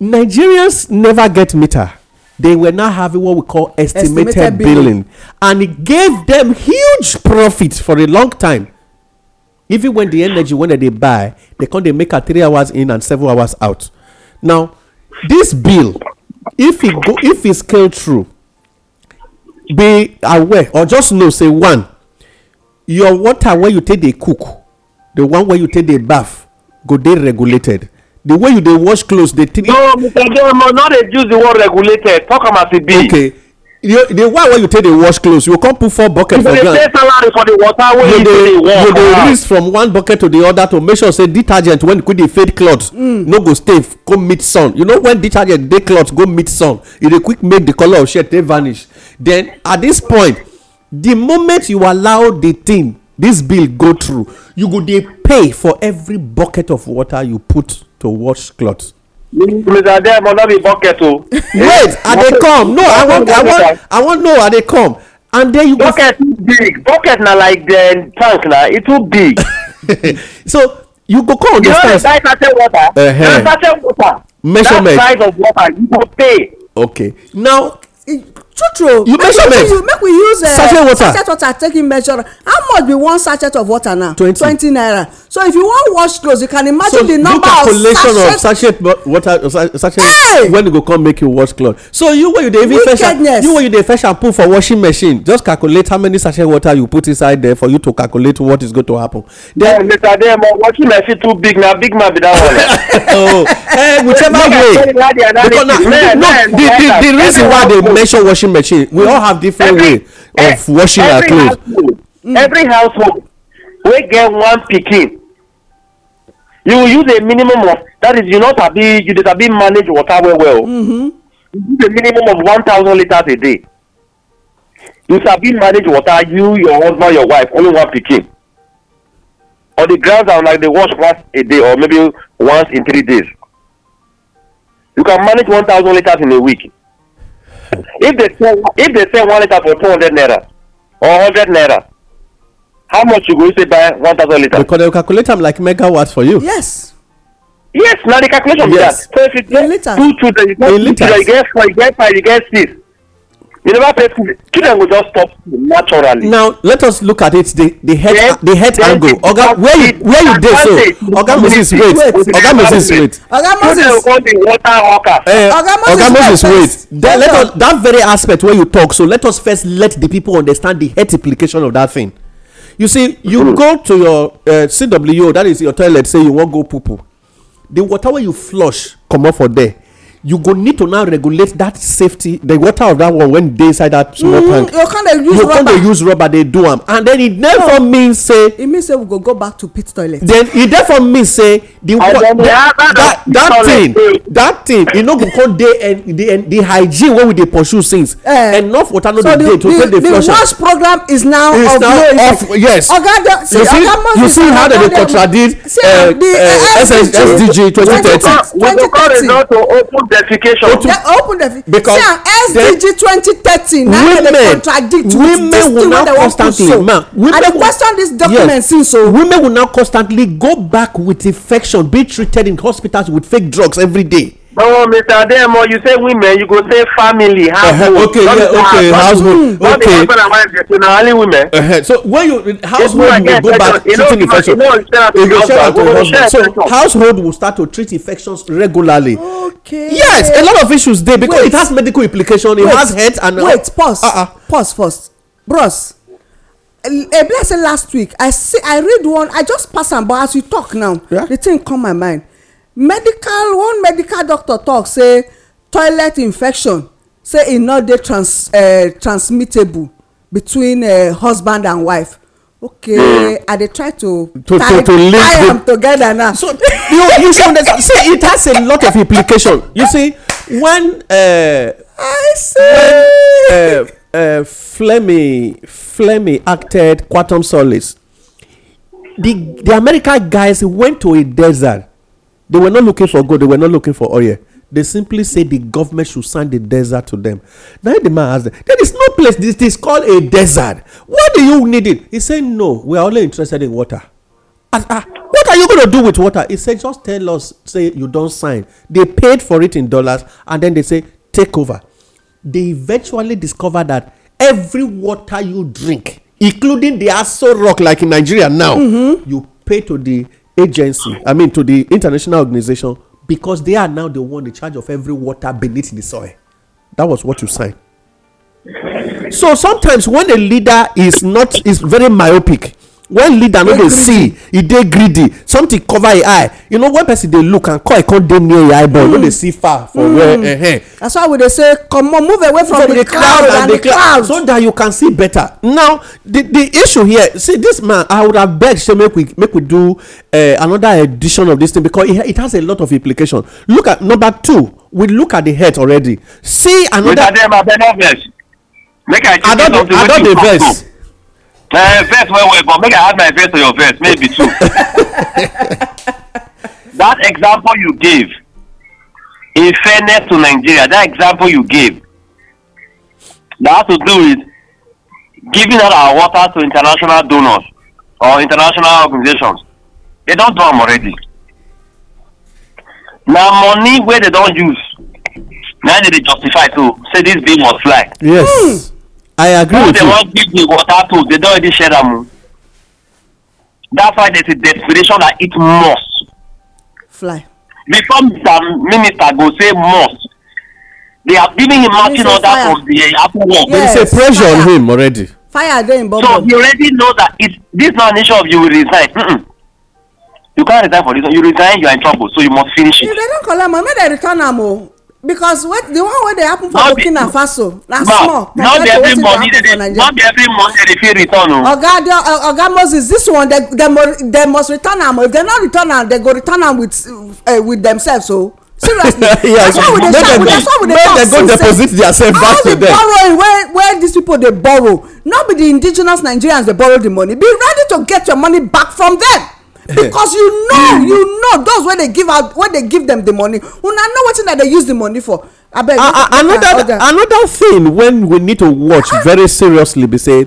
S2: nigerians never get meter they were now having what we call estimated, estimated billing. billing and it gave them huge profit for a long time even when the energy when they buy they come they make a three hours in and seven hours out now this bill if e go if e scale through, be aware or just know say one your water wey you take dey cook the one wey you take dey baff go dey regulated the way you dey wash clothes dey. no mr adeomo
S5: no dey use the word regulated talk am as e be. okay
S2: you dey why when you take dey wash clothes you come put four bucket for ground you dey pay
S5: salary for the water wey you dey wash you dey ah.
S2: rinse from one bucket to the other to make sure say detergent when you quick dey fade cloth hmm. no go stay go meet sun you know when detergent dey cloth go meet sun e dey quick make the color of shirt dey vanish then at this point the moment you allow the thing this bill go through you go dey pay for every bucket of water you put to wash clothes
S5: mr demo no be bucket o. wait are they come no i want, i want, i want. know are they come and then you bucket too big bucket na like the tank na e too big. *laughs* so you go come understand. you know the size certain water. Uh -huh. na certain water. measurement that size of
S3: water
S4: you go pay. okay now true true you measure make we make we use uh, sachet water sachet water Taking measure how much be one sachet of water now twenty naira so if you wan wash clothes you can imagine the number of sachet so look at collation of
S2: sachet water uh, sachet when you go come make you wash cloth so you wey you dey even fetch you wey you dey fetch shampoo for washing machine just calculate how many sachet water you put inside there for you to calculate what is going to happen.
S5: then later dem washing machine too big na big man be that one. *laughs* oh eh whichever way because na no the the the reason why they measure washing washing machine we all have different every, way of washing our clothes. Household, every household we get one picking. you will use a minimum of that is you know sabi you dey sabi manage water well well. Mm -hmm. you use a minimum of one thousand liters a day you sabi manage water you your husband your wife only one picking. on the grounds are like they wash once a day or maybe once in three days you can manage one thousand liters in a week if they sell if they sell one liter for two hundred naira or hundred naira how much you go use buy one thousand litre.
S2: because they calculate am like megawatt for you.
S5: yes. yes na the calculation yes. be that so if you get two two then you get two you get four you get five you get six You never pay school. Children will just stop
S2: naturally. Now let us look at it the the head yes, the head yes, angle. Oga where you where you dey so? Oga Moses wait. Oga Moses wait.
S5: Oga Moses. Eh, Oga Moses wait. Then let us
S2: that very aspect wey you talk so let us first let the people understand the head implication of that thing. You see you mm. go to your uh, eh, CWO that is your toilet say you wan go poo poo the water wey you flush comot for there you go need to now regulate that safety the water of that one when dey inside that small mm, tank you con dey use rubber dey do am and then e therefore mean say
S4: e mean say we go go back to pit toilet then e therefore
S2: mean say the water that that thing that thing e no go come dey the the hygiene wey we dey pursue since eh. enough water no dey dey to take dey flush am the the wash
S4: program is now of no effect yes oga see oga must you see how dem dey contradict ssdg uh, uh, uh, twenty thirty we go come result to
S1: open defecation.
S4: O De open defecation. Because see am SDG twenty thirteen na contradict women will now constantly. dem wan so. Ma, women I dey question this document yes,
S2: since So. Women will now constantly go back with infection be treated in hospitals with fake drugs every day.
S4: No,
S5: Mr. Ademo, you say women, you go say family, uh-huh. household. Uh-huh. Okay, yeah, okay, household. Not okay. husband and wife, only women.
S2: Uh-huh. So when you household will go back treating know, infection. You know, share out to husband. So household will start to treat infections regularly.
S1: Okay. Yes, a lot
S2: of
S4: issues there because wait, it has medical implication. It wait, has health and uh, wait, pause, uh-uh. pause first, bros. A eh, blessing last week. I see. I read one. I just pass am, but as you talk now, yeah? the thing come my mind medical one medical doctor talk say toilet infection say e no dey trans eh, transmittable between eh, husband and wife okay hmm. i dey try to tie tie am together now so you you should understand say it has a lot
S2: of implication you see when uh,
S4: i say
S2: when uh, flemmy flemmy acted quantum solace the the american guys went to a desert They were not looking for gold, they were not looking for oil. They simply say the government should send the desert to them. Now the man asked There is no place, this is called a desert. What do you need it? He said, No, we are only interested in water. As, ah, what are you going to do with water? He said, Just tell us, say you don't sign. They paid for it in dollars and then they say, Take over. They eventually discovered that every water you drink, including the Aso Rock, like in Nigeria now, mm-hmm. you pay to the agency, I mean, to the international organization, because they are now the one in charge of every water beneath the soil. That was what you signed. So sometimes when a leader is not is very myopic, when leader no dey see e dey greedy something cover e eye you know when person dey look and coil e come dey near your e eyeball e no mm. dey see far for mm. where eh that's why we dey say comot move away from the cloud and the cloud so that you can see better now the the issue here see this man i would have beg say make we make we do eh, another edition of this thing because it has a lot of implication look at number two we look at the head already
S5: see another i don dey vex Uh, verse well, well, but make I add my verse to your verse, maybe two. *laughs* that example you gave, in fairness to Nigeria, that example you gave, that has to do with giving out our water to international donors or international organizations. They don't do them already. Now, money where they don't use, now they justify to say this bill was fly. Yes. Mm. I agree with you. All they want give the water to, they don't already share them. That's why there's a desperation that it must. Fly. Before Mr. Minister go say must, they are giving him marching order from the Apple work. There is a pressure fire.
S2: on him already.
S4: Fire there in bobo. So you already
S5: know that it this na an issue of you will resign. Mm -mm. You can't resign for this You resign, you are in trouble. So you must finish it. If
S4: they don collect money, going to return am because what the one wey dey happen for burkina faso na small compared to wetin dey happen for nigeria. not be every
S5: month they dey fit return oh. o.
S4: oga oga moses this one dem dem dem must return am if dem no return am dem go return am with uh, with themselves o. Oh. seriously *laughs* yes, that's why we dey shout that's why we dey talk since say all the borrowing wey wey these people dey borrow no be the indigenous nigerians dey borrow the money be ready to get your money back from them because you know *laughs* you know those wey dey give out wey dey give dem the money una know wetin i dey use the money for abeg another
S2: another thing when we need to watch ah! very seriously be say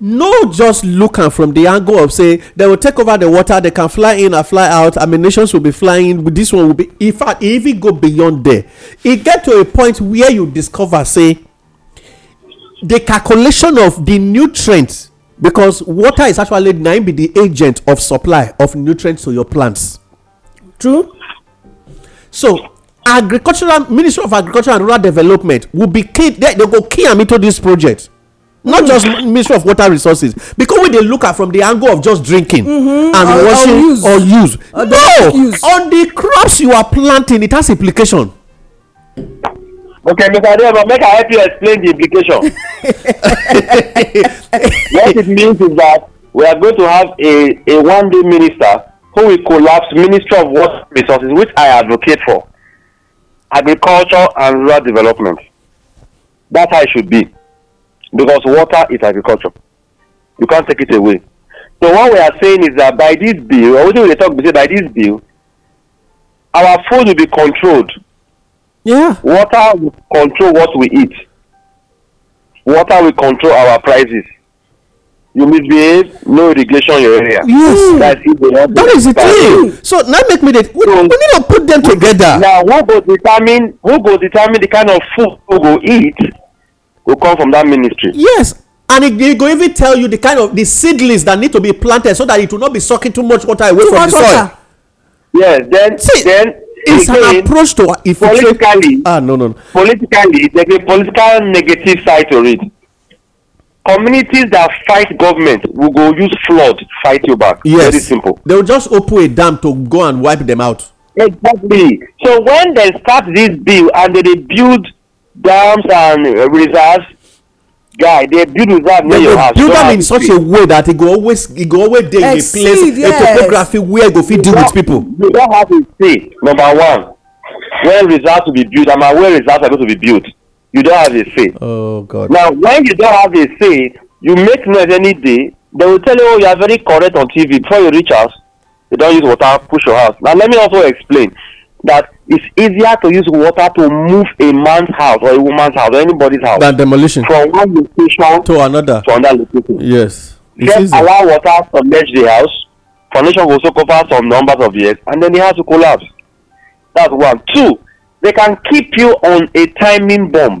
S2: no just look am from the angle of say they will take over the water They can fly in and fly out ammunitions will be flying this one will be in fact e even go beyond there e get to a point where you discover say the calculation of the nutrients because water is actually na be the agent of supply of nutrients to your plants true so agricultural ministry of agriculture and rural development will be key they go key am into this project not hmm. just ministry of water resources because we they look at from the angle of just drinking mm-hmm. and washing or use
S5: no on the crops you are planting it has implication okay mr adeomo make i help you explain the implication *laughs* what it means is that we are going to have a a one day minister who will collapse ministry of water resources which i advocate for agriculture and rural development that's how it should be because water is agriculture you can't take it away so what we are saying is that by this bill or wetin we dey talk be say by this bill our food will be controlled Yeah. Water will control what we eat. Water will control our prices. You misbehave, no irrigation your area. Yes. That is the, that is the thing. So now make me that we, so, we need to put them together. Now who go determine who go determine the kind of food we go eat will come from that ministry. Yes. And it, it
S2: go even tell you the kind of the seedlings that need to be planted so that it will not be sucking too much water away too from the water. soil.
S5: Yes, then See, then it's an approach to infiltrate.
S2: Politically, ah, no, no, no.
S5: Politically, there's a political negative side to it. Communities that fight government will go use flood to fight you back. Yes. Very simple. They will just open a dam to go and wipe them out. Exactly. So when they start this bill and they build dams and reserves, guy dey build reserve near your house. they build am in such a way that e go always e go always dey in a place a topography where e go fit deal with people. you don have a say number one when reserve to be built and na where reserve suppose to be built you don have a say.
S2: oh god
S5: now when you don have a say you make noise any day dem go tell you oh you are very correct on tv before you reach house you don use water push your house now let me also explain that it's easier to use water to move a man's house or a woman's house or anybody's house than demolition from one location to another to another
S2: location. yes it's just easy. allow
S5: water to merge the house foundation go also cover some numbers of years and then the house will collapse that's one two they can keep you on a timing bomb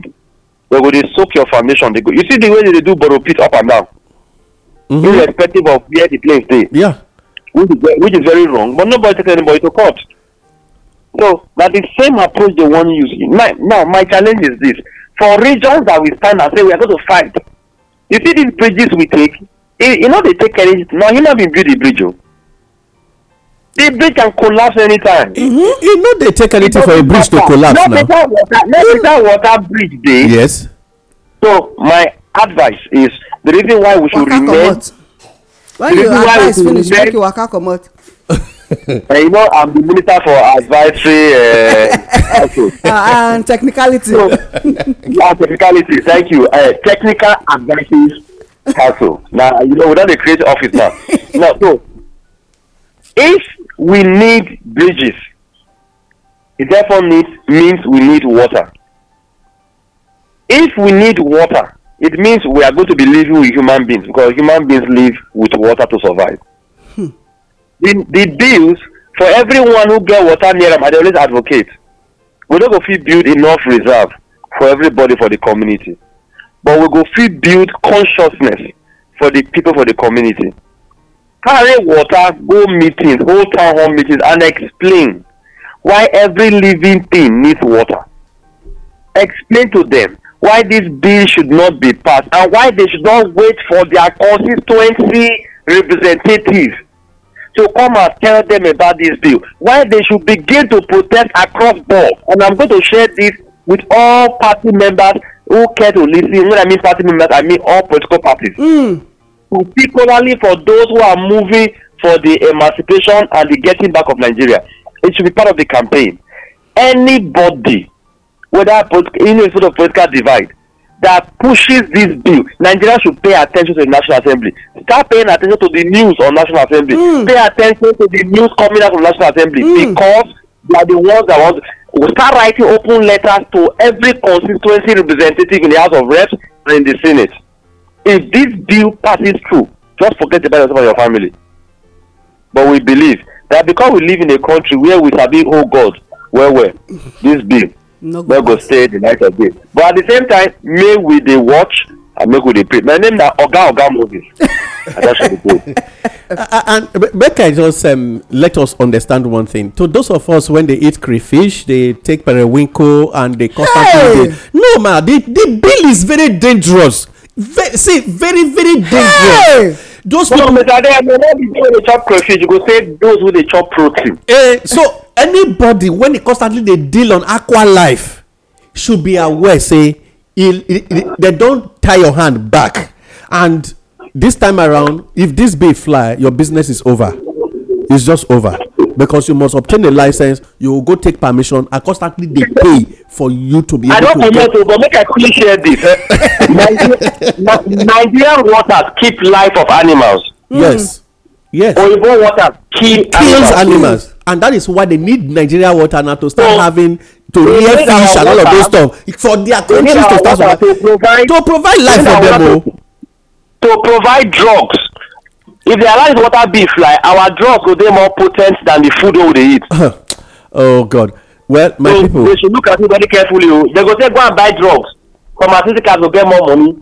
S5: they go dey soak your foundation they go you see the way they dey do borrow pit up and down. Mm-hmm. irrespective of where the place dey. Yeah. Which is, which is very wrong but nobody take anybody to court. No, that the same approach they want using. My, now, my challenge is this. For regions that we stand and say we are going to fight, you see these bridges we take, you know they take any, now human being build the bridge. Oh. The bridge can collapse anytime. Mm-hmm. You know they take anything for a bridge to collapse no now. Better water, no better water bridge day. Yes. So my advice is the reason why we should waka remain. Comot.
S4: Why the reason why we should finish, remain. Make you waka comot
S5: uh, you know, I'm the minister for advisory uh, uh, *laughs* and technicality. So, yeah, technicality. Thank you. Uh, technical advisory council. Now, you know, we don't create office now. *laughs* now, so if we need bridges, it therefore needs, means we need water. If we need water, it means we are going to be living with human beings because human beings live with water to survive the the bills for everyone who get water near am i dey always advocate we no go fit build enough reserve for everybody for the community but we go fit build consciousness for the people for the community carry water go meetings hold town hall meetings and explain why every living thing needs water explain to them why this bill should not be passed and why they should not wait for their constituency representatives to come and tell them about this bill why they should begin to protest across board and i'm going to share this with all party members who care to lis ten when i mean party members i mean all political parties. Mm. particularly for those who are moving for the emancipation and the getting back of nigeria it should be part of the campaign anybody whether political you know sort of political divide that pushes this bill nigeria should pay attention to the national assembly start paying attention to the news on national assembly mm. pay attention to the news coming out from national assembly mm. because they are the ones that want we start writing open letters to every constituency representative in the house of reps and in the senate if this bill passes through just forget about yourself and your family but we believe that because we live in a country where we sabi hold oh god well well this bill no go stay the night of day but at the same time may we dey watch and make we dey pray my name na oga oga moses *laughs*
S2: and make i just um, let us understand one thing to those of us when they eat crayfish they take periwinkle and they constantly hey! no ma the the bill is very dangerous very see very very dangerous. Hey! those people. no mr adeyemo no be say we dey chop crayfish you go say those who dey chop protein. Uh, so anybody when e constantly dey deal on aqua life should be aware say they don tie your hand back and this time around if this bee fly your business is over it's just over because you must obtain a license you go take permission and constantly dey pay for you to be
S5: able to. i don't comot but make i quickly share this eh? *laughs* nigerian nigerian waters keep life of animals. yes hmm. yes. oyibo waters kill, kills animals. animals
S2: and that is why they need nigeria water now to start so, having to rear fish and all of those stuff
S5: for their countries to start water, to provide, to provide life for them o. Oh. To, to provide drugs if they allow this water beef like our drugs go dey more potent than the food wey we dey eat.
S2: *laughs* oh god
S5: well my so, people. they should look at it very carefully o oh. they go say go and buy drugs pharmaceuticals go get more money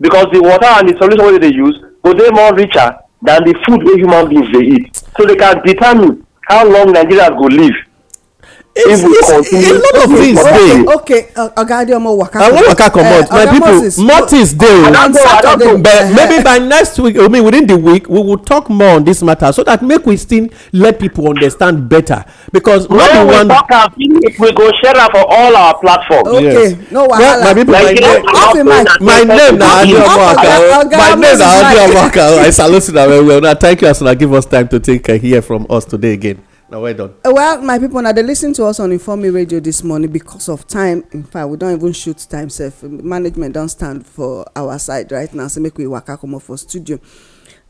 S5: because the water and the solution wey they dey use go dey more richer than the food wey human beings dey eat so they can determine how long Nigerians go live if we continue a lot of things dey
S4: okay oh. oga adeomo waka i wan waka comot my people
S5: more things dey o but maybe eh.
S2: by next week i mean within the week we will talk more on this matter so that make we still let people understand better because when we talk am finish we go share am for all our platforms. okay no wahala my people my name my name na adeomo akao my name na adeomo akao i salute una well well una thank you as una give us time to take hear from us today again na well done.
S4: Uh, well my people na dey lis ten to us on informe radio this morning because of time in fact we don even shoot time sef management don stand for our side right now say make we waka comot for studio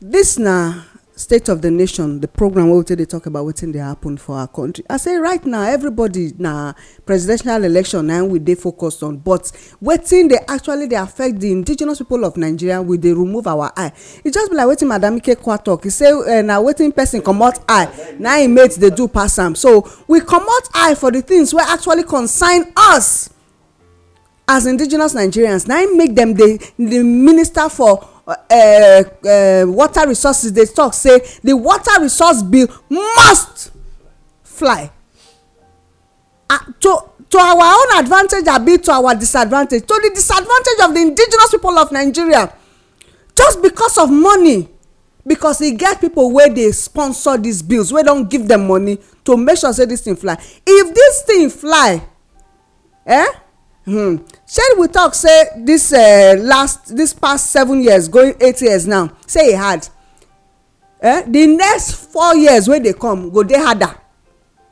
S4: This na state of the nation the program wey we take dey talk about wetin dey happen for our country i say right now everybody na presidential election na we dey focused on but wetin dey actually dey affect the indigenous people of nigeria we dey remove our eye e just be like wetin madam ikekwa talk e say uh, na wetin person comot eye na im mates dey do pass am so we comot eye for the things wey actually concern us as indigenous nigerians na im make dem dey minister for Uh, uh, water resources dey talk say the water resource bill must fly uh, to to our own advantage abi to our disadvantage to the disadvantage of the indigenous people of nigeria just because of money because e get people wey dey sponsor these bills wey don give them money to make sure say this thing fly if this thing fly eh hmm shey we talk say this uh, last this past seven years going eight years now say e hard eh the next four years wey dey come go dey harder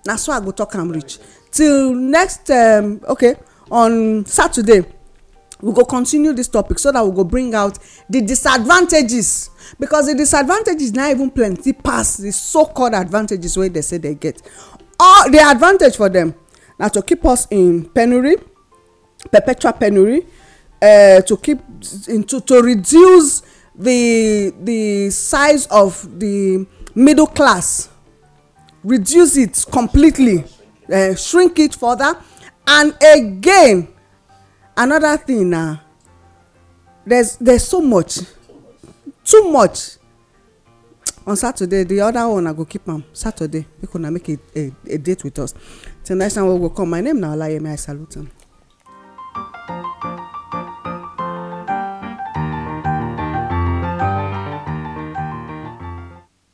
S4: na so i go talk am reach till next um, okay on saturday we go continue this topic so that we go bring out the disadvantages because the disadvantages na even plenty pass the so called advantages wey dey say they get all the advantage for them na to keep us in penury perpetual penury uh, eh, to keep into to reduce the the size of the middle class reduce it completely uh, shrink it further and again another thing na uh, there's there's so much too much on saturday the other one i go keep am saturday make una make a a a date with us till next time we go come my name na olayemi i salute am.